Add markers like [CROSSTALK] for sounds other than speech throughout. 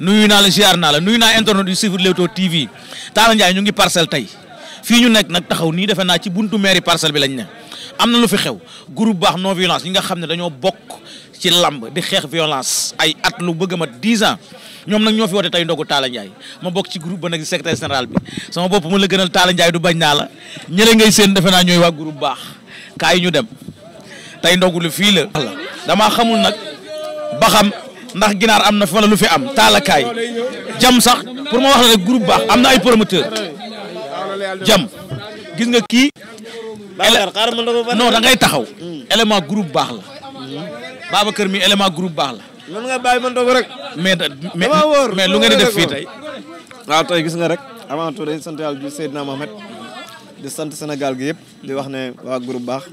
nuyu naa la ziar naa la nuyu naa internet yu suivre Leewtoo TV Talla ñu ngi parcelle tey fii ñu nekk nag taxaw nii defe naa ci buntu mairie parcelle bi lañ ne am na lu fi xew groupe baax noo violence ñi nga xam ne dañoo bokk ci lamb di xeex violence ay at lu bëgg a mat dix ans ñoom nag ñoo fi woote tey ndogu Talla Ndiaye ma bokk ci groupe ba nag secrétaire général bi sama bopp mu la gënal Talla Ndiaye du bañ naa la ñële ngay seen defe naa ñooy waa groupe baax kaay ñu dem tey ndogu lu fii la. damaa xamul nag ba xam ndax ginaar am na fi wala lu fi am Talla kaay jam sax pour ma wax la rek groupe baax am na ay promoteur jam. gis nga kii. Babacar non da ngay taxaw. Hmm. élément group baax la. Babacar mi élément groupe baax la. mën nga bàyyi ma toog rek. mais mais lu ngeen di def fii tey. waaw tey gis nga rek avant tout dañ sant yàlla di Seydina Mohamed di sant Sénégal gi yëpp di wax ne waa groupe baax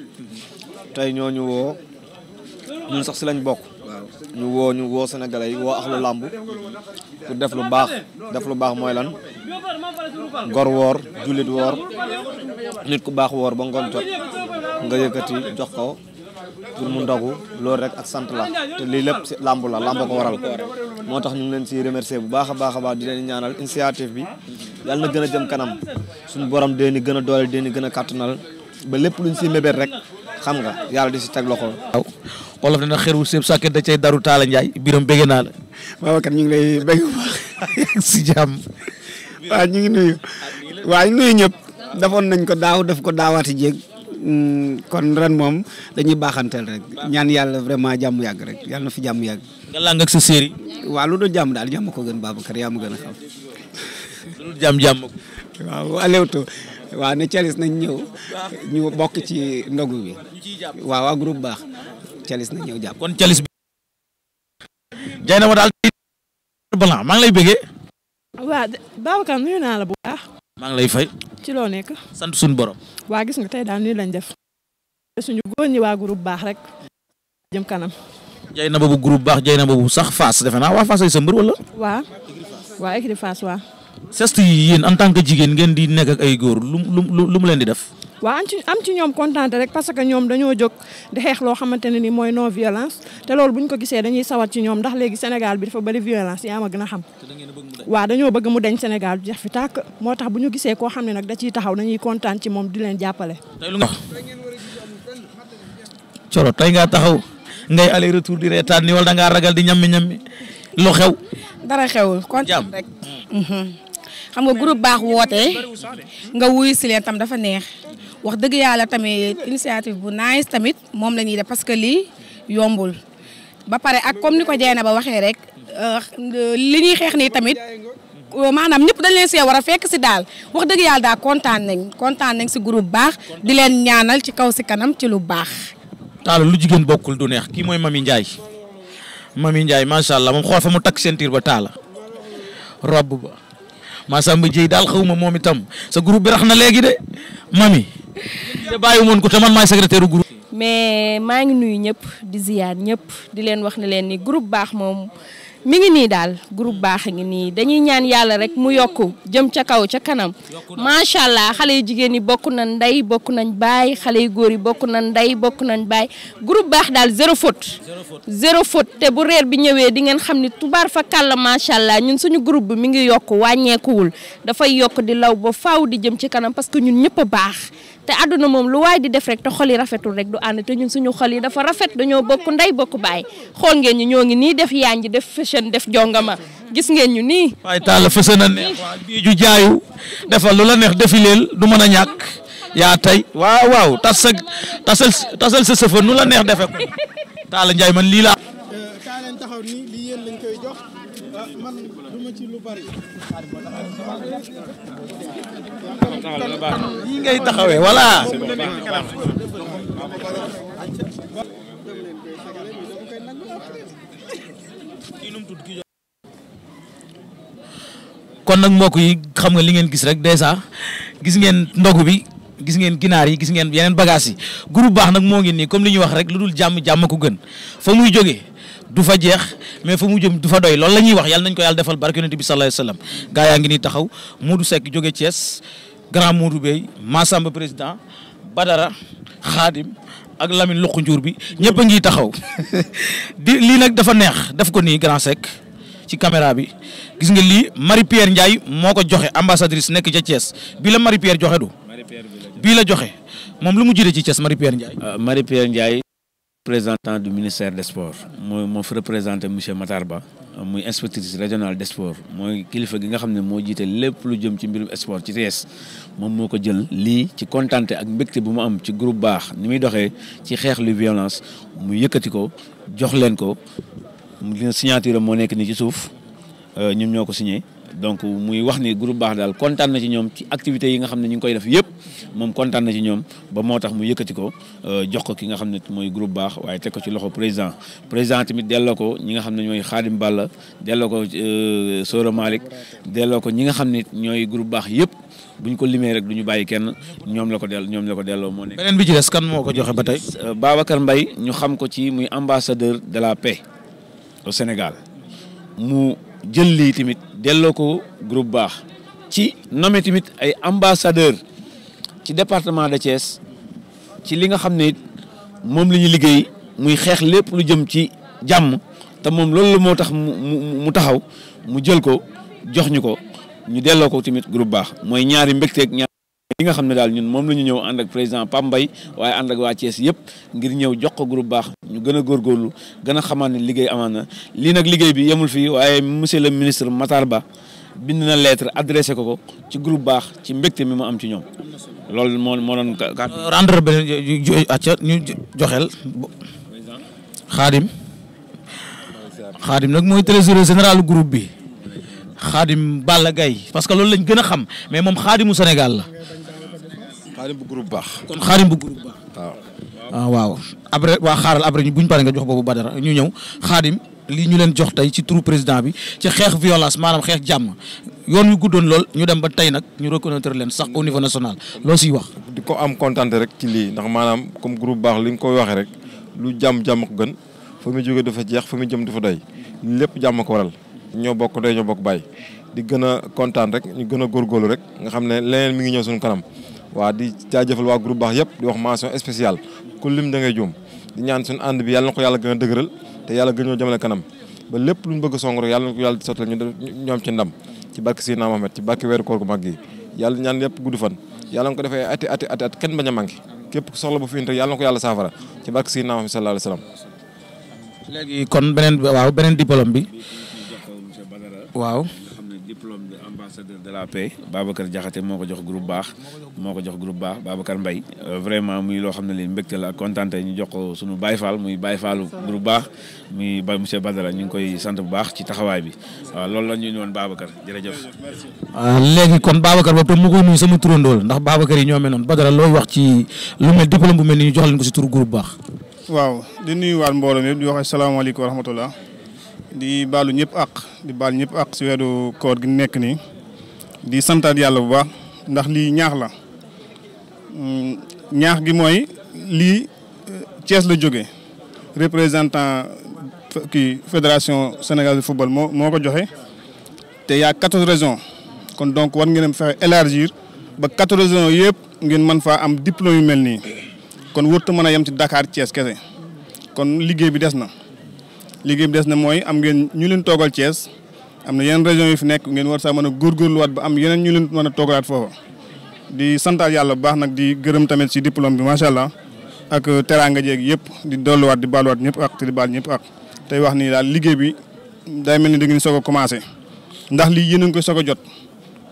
tey ñooñu woo ñun sax si lañ bokk. ñu woo ñu woo sénégalais yi woo axlu làmb pour def lu baax def lu baax mooy lan gor woor jullit woor nit ku baax woor ba ngoon jot nga yëkkati jox ko pour mu ndogu loolu rek ak sant la te lii lépp si làmb la làmb ko waral moo tax ñu ngi leen si remercier bu baax a baax a baax di leen ñaanal initiative bi yàlla na gën a jëm kanam suñu borom dee ni gën a doole dee ni gën a kàttanal ba lépp luñ si mébét rek xam nga yàlla di si teg loxo. olof dana xeru sëb sàkket da cay daru taala Ndiaye biram bëgg naa la. Babacar ñu ngi lay bëgg [LAUGHS] si jàmm waaw ñu nuyu waaw ñu nuyu ñëpp defoon nañ ko daaw def ko daawaati jéeg mm, kon ren moom dañuy baaxanteel rek ñaan yàlla vraiment jàmm yàgg rek yàlla na fi jàmm yàgg. nga làng ak sa séeri. waaw lu dul jàmm daal jàmm ko gën Babacar yaa ma gën a xam. lu dul jàmm jàmm ko. waaw Leewtoo waaw ne Thialis nañ ñëw ñu bokk ci ndogu bi waaw waa baax. calis na ñëw jàpp kon calis bi jay na ma daal blanc maa ngi lay bëggee waa Babacar naa la bu baax maa ngi lay fay ci loo nekk sant suñu borom waa gis nga tey daal nii lañ def suñu góor ñi waa groupe baax rek jëm kanam jay na boobu groupe baax jay na boobu sax Fass defe naa waa Fass ay sa mbër wala waa waa écurie Fass waa sest yi yéen en tant que jigéen ngeen di nekk ak ay góor lu lu lu mu leen di def waa am ci ñoom kontaan rek parce que ñoom dañoo jóg di xeex loo xamante ne ni mooy non violence te bu ñu ko gisee dañuy sawar ci ñoom ndax léegi Sénégal bi dafa bëri violence yaa ma gën a xam waaw dañoo bëgg mu deñ Sénégal jeex fi tàkk moo tax bu ñu gisee koo xam ne nag da ciy taxaw nañuy kontaan ci moom di leen jàppale ah. coro tey ngaa taxaw ngay aller retour di reetaan ni wala dangaa ragal di ñammi ñammi lu xew dara xewul kontaan rek mm. mm-hmm. xam nga groupe baax wootee nga wuy si leen tam dafa neex wax dëgg yàlla tamit initiative bu nice tamit moom la ñuy def parce que lii yombul ba pare ak comme ni ko na ba waxee rek euh, li ñuy xeex nii tamit maanaam ñëpp dañ leen see war a fekk si daal wax dëgg yàlla daal kontaan nañ kontaan nañ si groupe baax di leen ñaanal ci kaw si kanam ci lu baax. taal lu jigéen bokkul du neex kii mooy Mami Ndiaye Mami Ndiaye macha allah moom xool fa mu takk sentir ba taala Massamba Dieye daal xaw ma moom itam sa groupe bi rax na léegi de mami te bàyyi woon ko te man maay secrétaire groupe. mais maa ngi nuyu ñëpp di ziyaar ñëpp di leen wax ne leen ni groupe baax moom. mi ngi nii daal group baax a ngi nii dañuy ñaan yàlla rek mu yokku jëm ca kaw ca kanam macha allah xale yi jigéen yi bokk nañ ndey bokk nañ baay xale yu góor yi bokk nañ ndey bokk nañ baay groupe baax daal zéro faute te bu reer bi ñëwee di ngeen xam ni tubaar fa kàlla macha allah ñun suñu groupe bi mi ngi yokk wàññeekuwul dafay yokk di law ba faaw di jëm ci kanam parce que ñun ñëpp baax te àdduna moom lu waay di def te xol yi rafetul rek du ànd te ñun suñu xol yi dafa rafet dañoo bokk ndey bokk baay xool ngeen ñu ñoo ngi nii def yaañ def fashion def jongama gis ngeen ñu ni waaye Talla fës na neex waaw jaayu defal lu la neex defileel du mën a ñàkk yaa tey waaw waaw tas sa nu la neex defe ko Talla Ndiaye man lii laa. kaa leen koy jox man duma ci lu bari. lii kon nag mbokk yi xam nga li ngeen gis rek dèjà gis ngeen ndogu bi gis ngeen ginaar yi gis ngeen yeneen bagages yi groupe baax nag moo ngi nii comme li ñuy wax rek lu dul jàmm jàmm ko gën fa muy jógee du fa jeex mais fa mu jëm du fa doy lool la ñuy wax yàlla nañ ko yàlla defal barke yonent bi sallallahu alayhi wasallam gaa yaa ngi nii taxaw Modou Seck jóge Thiès grand Modou Bey Massamba président Badara Khadim ak Lamine Luqu njur bi ñëpp a ngi taxaw [LAUGHS] di lii nag dafa neex def ko nii Grand Seck ci caméra bi gis nga lii Marie Pierre Ndiaye moo ko joxe ambassadrice nekk ca Thiès bi la Marie Pierre joxe du. bii la joxe moom lu mu jëlee ci Thiès Marie Pierre Ndiaye. Euh, Marie Pierre Ndiaye présentant du ministère de sports moo moo fi représenté monsieur Matar Ba Euh, muy inspectrice régionale des sports mooy kilifa gi nga xam ne moo jiite lépp lu jëm ci mbirum sport ci Thiès moom moo ko jël lii ci kontante ak mbégte bu mu am ci groupe baax ni muy doxee ci xeex lu violence mu yëkkati ko jox leen ko mu dina signature moo nekk nii ci suuf euh, ñun ñoo ko signé donc muy wax ni groupe baax daal kontaan na ci ñoom ci activités yi nga xam ne ñu ngi koy def yëpp moom kontaan na ci ñoom ba moo tax mu yëkkati ko euh, jox ko ki nga xam ne mooy groupe baax waaye teg ko ci loxo président président tamit delloo ko ñi nga xam ne ñooy Xaadim Balla delloo ko euh, Sora Malick delloo ko ñi nga xam ne ñooy groupe baax yëpp buñ ko limee rek du ñu bàyyi kenn ñoom la ko dell ñoom la ko delloo moo ne beneen bi ci des kan moo ko joxe ba tey. Euh, Babacar ñu xam ko ci muy ambassadeur de la paix au Sénégal mu jël lii tamit. delloo ko groupe baax ci nommé tamit ay ambassadeur ci département de Thiès ci li nga xam ne moom la ñu liggéey muy xeex lépp lu jëm ci jàmm te moom loolu moo tax mu mu taxaw mu jël ko jox ñu ko ñu delloo ko tamit groupe baax mooy ñaari mbégteeg ñaar li nga xam ne daal ñun moom la ñu ñëw ànd ak président Pape Mbaye waaye ànd ak waa Thiès yëpp ngir ñëw jox ko groupe baax ñu gën a góorgóorlu gën a xamaan ne liggéey amaan na lii nag liggéey bi yemul fi waaye monsieur le ministre Matar Ba bind na lettre adressé ko ko ci groupe baax ci mbégte mi ma am ci ñoom loolu moo moo doon kàddu rendre beneen acca ñu joxeel xaadim xaadim nag mooy trésorier général groupe bi xaadim Balla Gaye parce que loolu lañ gën a xam mais moom xaadimu Sénégal la xaarim bu groupe baax. kon xaarim bu groupe waaw. ah après waa xaaral après buñ paree nga jox boobu Badara ñu ñëw xaadim lii ñu leen jox tey ci turu président bi ci xeex violence maanaam xeex jàmm yoon yu guddoon lool ñu dem ba tey nag ñu reconnaître leen sax au niveau national loo siy wax. di ko am kontaan rek ci lii ndax maanaam comme groupe baax li nga koy waxee rek lu jàmm jàmm ko gën fa muy jógee dafa jeex fa muy jëm dafa doy lépp jàmm ko waral ñoo bokk ndey ñoo bokk bàyyi di gën a kontaan rek ñu gën a góorgóorlu rek nga xam ne leneen mi ngi ñëw suñu kanam. waa di jaajëfal waa groupe baax yëpp di wax mention spéciale ku lim juum di ñaan suñu ànd bi yàlla na ko yàlla gën a dëgëral te yàlla gën ñoo jëmale kanam ba lépp lu ñu bëgg song rek yàlla na ko yàlla sottal kenn bañ a képp soxla bu fi indi yàlla na ko yàlla saafara ci barke Seydina Mohamed sallallahu alayhi Badara. waaw nga xam ne de ambassadeur de la paix. Babacar Diakhaté moo ko jox groupe baax. moo ko jox groupe baax Babacar mbay euh, vraiment muy loo xam ne li mbégte la ak ñu jox ko sunu Baye Fall muy Baye Fallu groupe baax muy ba monsieur Badara ñu ngi koy sant bu baax ci taxawaay bi waaw loolu la ñu ñëwoon Babacar jërëjëf. Euh, léegi kon Babacar boobu tam mu koy sama turandoo ndax Babacar yi ñoo mel noonu Badara looy wax ci lu mel diplôme bu mel ni ñu jox leen ko si turu groupe baax. waaw di nuyuwaat mbooloo mi yëpp di wax asalaamaaleykum wa rahmatullah di baalu ñëpp àq di baal ñëpp ak si weeru koor gi nekk nii di santaat yàlla bu baax ndax lii ñaax la mm, ñaax gi mooy lii eh, Thiès la jóge représentant kii fédération Sénégal de football moo ko joxe te y a quatorze kon donc war ngeen fexe élargir ba quatorze régions yëpp ngeen mën faa am diplôme yu mel nii kon wërta mën a yem ci dakaar Thiès kese kon liggéey bi des na liggéey bi des na mooy am ngeen ñu leen toogal am na yeneen région yi fi nekk ngeen war saa mën a góor góorgóorluwaat ba am yeneen ñu leen mën a toogalaat foofa di santaal yàlla bu baax nag di gërëm tamit si diplôme bi macha allah ak teraanga jeeg yëpp di dolluwaat di baaluwaat ñëpp ak te di baal ñëpp ak te wax ni daal liggéey bi day mel ni da ngeen soog a commencé ndax lii yéen a ngi koy soog a jot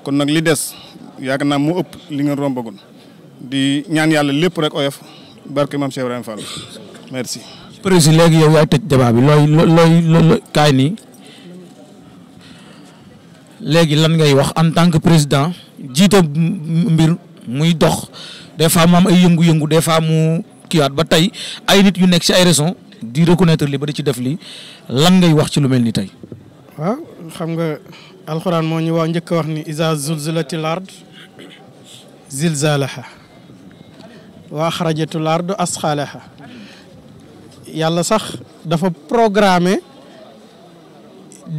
kon nag li des yaakaar naa moo ëpp li ngeen rombagul di ñaan yàlla lépp rek oyof barke maam Cheikh Ibrahima Fall merci. prési léegi yow yaay tëj débat bi looy looy looy kaay nii léegi lan ngay wax en tant que président jiite mbir muy dox des fois mu ay yëngu des fois mu kiiwaat ba tey ay nit yu nekk ci ay raison di reconnaître li ba di ci def li lan ngay wax ci lu mel ni tey. waaw xam nga alxuraan moo ñu waa njëkk a wax ni iza zulzilatil ard zilzalaha wa axrajatul ard asxalaha yàlla sax dafa programmer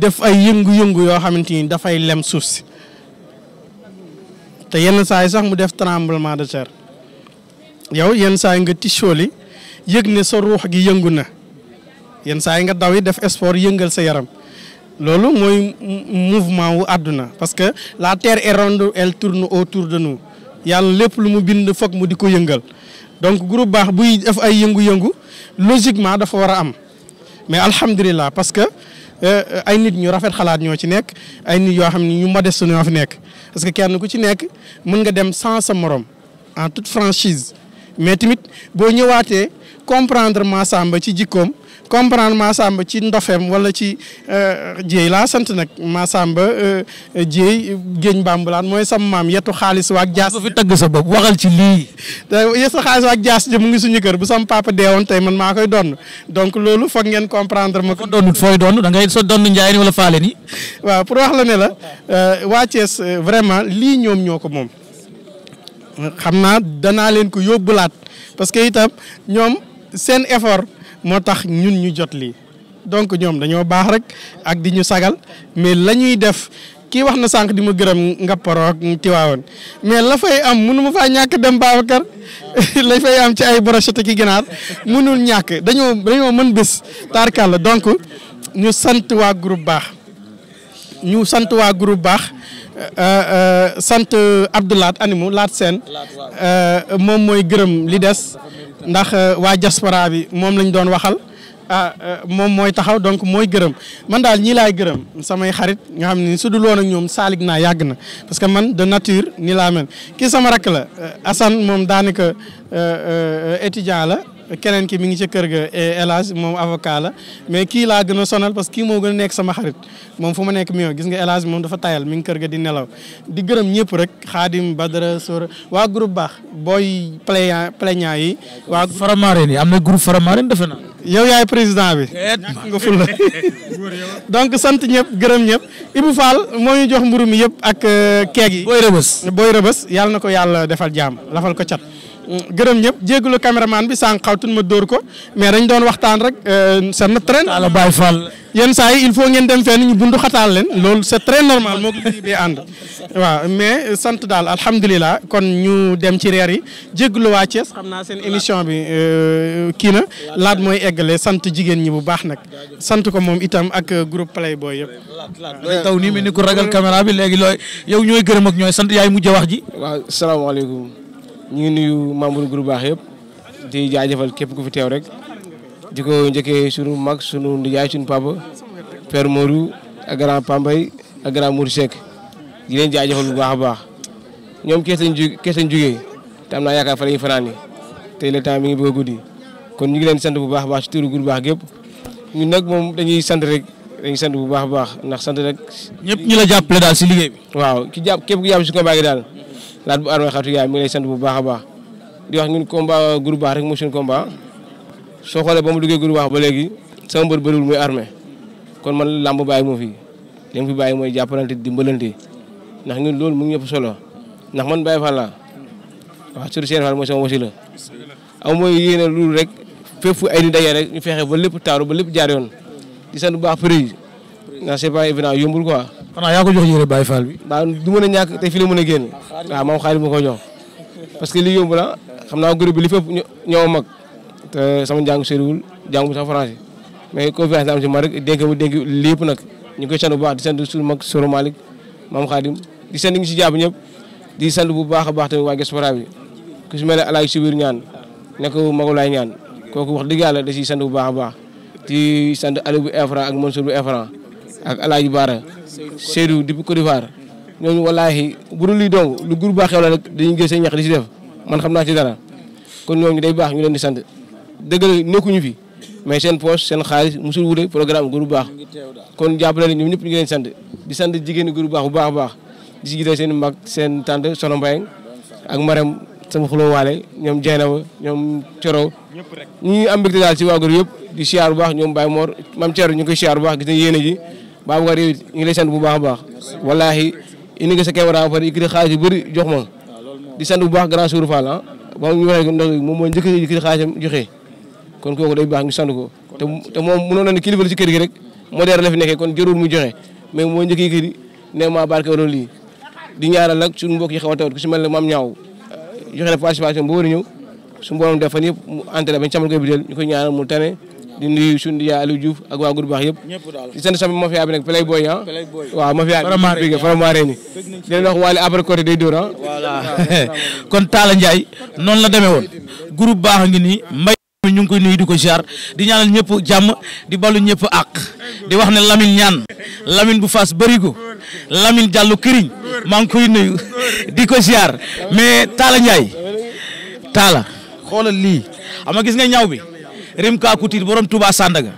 def ay yëngu-yëngu yoo xamante ni dafay lem suuf te yenn saa yi sax mu def tremblement de terre yow yenn saa yi nga tisóoli yëg ne sa ruux gi yëngu na yenn saa yi nga daw yi def sport yëngal sa yaram loolu mooy mouvement wu àdduna parce que la terre est ronde elle tourne autour de nous yàlla lépp lu mu bind foog mu di ko yëngal donc groupe baax buy def ay yëngu-yëngu logiquement dafa war a am mais alhamdulilah parce que euh, ay nit ñu rafet xalaat ñoo ci nekk ay nit yoo xam ni ñu modeste ñoo fi nekk parce que kenn ku ci nekk mën nga dem sans sa morom en toute franchise mais tamit boo ñëwaatee comprendre Massamba ci jikkoom comprendre Massamba ci ndofeem walla ci jéey euh, laa sant nag ma Massamba jéey euh, géeñ bambulaan mooy sama maam yetu xaalis waak jaas fi tagg sa bopp waxal ci lii euh, yetu xaalis waak jaas ji mu ngi suñu kër bu sama papa deewoon tey man maa koy donn donc loolu foog ngeen comprendre ma ko doonut fooy donn da ngay so donn njaay ni wala faale ni waaw pour wax la ne la waa Thiès vraiment lii ñoom ñoo ko moom xam naa danaa leen ko yóbbulaat parce que itam ñoom seen moo tax ñun ñu jot lii donc ñoom dañoo baax rek ak di ñu sagal mais la ñuy def kii wax na sànq di ma gërëm nga poroog tiwaawoon mais la fay am mënu ma faa ñàkk dem baax [LAUGHS] la fay am ci ay brochette ki ginaar mënul ñàkk dañoo dañoo mën bés tarkalla donc ñu sant waa groupe baax ñu sant waa groupe baax euh, euh, sant Abdou Laat animu Laat Seen euh, moom mooy gërëm li des ndax euh, waa diaspora bi moom lañ doon waxal ah, euh, moom mooy taxaw donc mooy gërëm man daal ñii laay gërëm samay xarit nga xam ne su dul woon ñoom saalig naa yàgg na parce que man de nature ni laa mel sama rakk la euh, Assane moom daanaka étudiant la. keneen ki mi ngi ca kër ga El Hadj moom avocat la mais kii laa gën a sonal parce que kii moo gën a nekk sama xarit moom fu ma nekk mi gis nga El Hadj moom dafa tayal mi ngi kër ga di nelaw di gërëm ñëpp rek Xaadim Badara Sora waa groupe baax booy plaignant plaignant yi waa Faramareen yi am na groupe Faramareen defe naa yow yaay président bi nga ful la [LAUGHS] donc sant ñëpp gërëm ñëpp Ibou Fall moo ñu jox mburu mi yëpp ak euh, keeg yi booy rëbës booy yàlla na ko yàlla defal jàmm lafal ko cat gërëm ñëpp jégalu caméraman bi sànq xawtun ma dóor ko mais dañ doon waxtaan rek c'est euh, notre train. ala Baye Fall. yenn saa yi il faut ngeen dem fenn ñu bundu xataal leen loolu c'est très normal moo ko bee ànd. waaw mais sant daal alhamdulilah kon ñu dem ci reer yi jégalu waa Thiès xam naa seen émission bi euh, kii na laat mooy eggale sant jigéen ñi bu baax nag sant ko moom itam ak euh, groupe Playboy yëpp. looy taw nii mel ni ku ragal caméra bi léegi looy yow ñooy gërëm ak ñooy sant yaay mujj wax ji. waaw salaamaaleykum. ñu ngi nuyu membre groupe baax yëpp di jaajëfal képp ku fi teew rek di ko njëkkee sunu mag sunu ndijaay sunu papa père Modou ak grand Pambay ak grand Mour di leen jaajëfal bu baax a baax ñoom kees lañ ju kees lañ jugee te am naa yaakaar fa la ñuy fanaan le temps mi ngi bëgg guddi kon ñu ngi leen sant bu baax a baax ci turu groupe baax nag moom dañuy sant rek dañuy sant bu baax a baax ndax sant rek. ñëpp ñu la jàppale daal si waaw ki jàpp képp ku jàpp si gi daal. laat bu armée xatu yaay mi ngi lay sant bu baax a baax di wax ñun combat groupe baax rek mooy suñu combat soo xoolee ba mu duggee groupe ba léegi sama mbër bëriwul muy armée kon man làmb baay moo fi li mu fi bàyyi mooy jàppalante dimbalante ndax ñun loolu mu ngi ñëpp solo ndax man Baye Fall laa waaw sur Cheikh Fall mooy sama wasila aw mooy yéene loolu rek fépp fu ay di daje rek ñu fexe ba lépp taaru ba lépp jaar yoon di sant bu baax prix ndax c'est pas quoi xanaa a ko jox yére Baye Fall bi. waaw du mën a ñàkk te fii la a génn waaw moom xaalis ma ko jox parce que li yóbbu la xam naa groupe bi li fépp ñoo mag te sama njàng soriwul jàngu sax français mais confiance la a ci ma rek lépp nag ñu koy sant bu baax di sant suñu mag Soro Malick maam Khadim di sant ngi si jàpp ñëpp di sand bu baax a baax tamit waa diaspora bi ku si mel ne alaay subir ñaan nekk magulaay ñaan kooku wax dëgg yàlla da ciy sant bu baax a baax di sant Aliou bu Efra ak Mansour bu Efra ak Alaaji Baara Seydou depuis Côte d'Ivoire ñooñu wallaahi bu dul lii dong lu groupe baax xew la nag dañuy gis seen ñax di si def man xam naa ci dara kon ñooñu ñu leen di sant dëgg la nekkuñu fi mais seen poche seen xaalis musul wute programme groupe baax kon jàppale ñoom ñëpp ñu ngi leen sant di sant jigéenu groupe baax bu baax a baax di si gisee seen mag seen tante Soxna Mbaye ak Marème sama xuloo waale ñoom Dieynaba ñoom Coro ñu am mbégte daal si waa groupe yëpp di siyaar bu baax ñoom Baye Mor maam ñu ngi koy siyaar bu baax gis nañ yéene Babacar yow ñu ngi sant bu baax a baax wallaahi indi nga sa caméra ba pare yëkkati xaalis yu bëri jox ma di sant bu baax grand Sourou Fall ah ba ñu waxee ndax moom mooy njëkk a yëkkati joxe kon kooku day baax ñu sant ko te te moom mënoon na ne kilifa la ci kër gi rek modèle la fi nekkee kon jërul mu joxe mais mooy njëkk yëkkati ne maa barke wala lii di ñaaral nag suñu mbokk yi xaw a tawat ku si mel ne maam ñaaw joxe na participation bu war ñëw su mboolem def fan yëpp mu entré bañ camal koy bideel ñu koy ñaaral mu tane di nuyu suñu yaay Aliou Diouf ak waa groupe baax yëpp di sant sama mafia bi nag play boy ah waaw mafia bi faramaare ni di leen wax après côté day dóor ah [LAUGHS] kon Talla Ndiaye noonu la deme woon groupe baax ngi nii mbay mi ñu ngi koy nuyu di ko ziar di ñaanal ñëpp jàmm di balu ñëpp àq di wax ne Lamine ñaan Lamine bu fas bërigo Lamine Diallo këriñ maa ngi koy nuyu [LAUGHS] di ko ziar mais Talla Ndiaye Talla xoolal lii ama gis nga ñaw bi Rimka Couture borom Touba Sandaga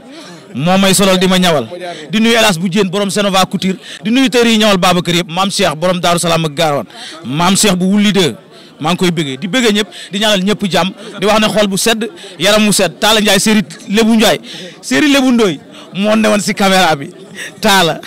moo may solol di ma ñawal di nuyu Elas bu Jéen borom Senova Couture di nuyu tër yi baaba kër yëpp maam Cheikh borom Daaru Salaam ak maam seex bu wulli de maa ngi koy bëggee di bëggee ñëpp di ñaanal ñëpp jàmm di wax ne xol bu sedd yaram mu sedd taala Ndiaye Serigne Lebu Ndiaye Serigne Lebu Ndoy ne newoon si caméra bi Talla.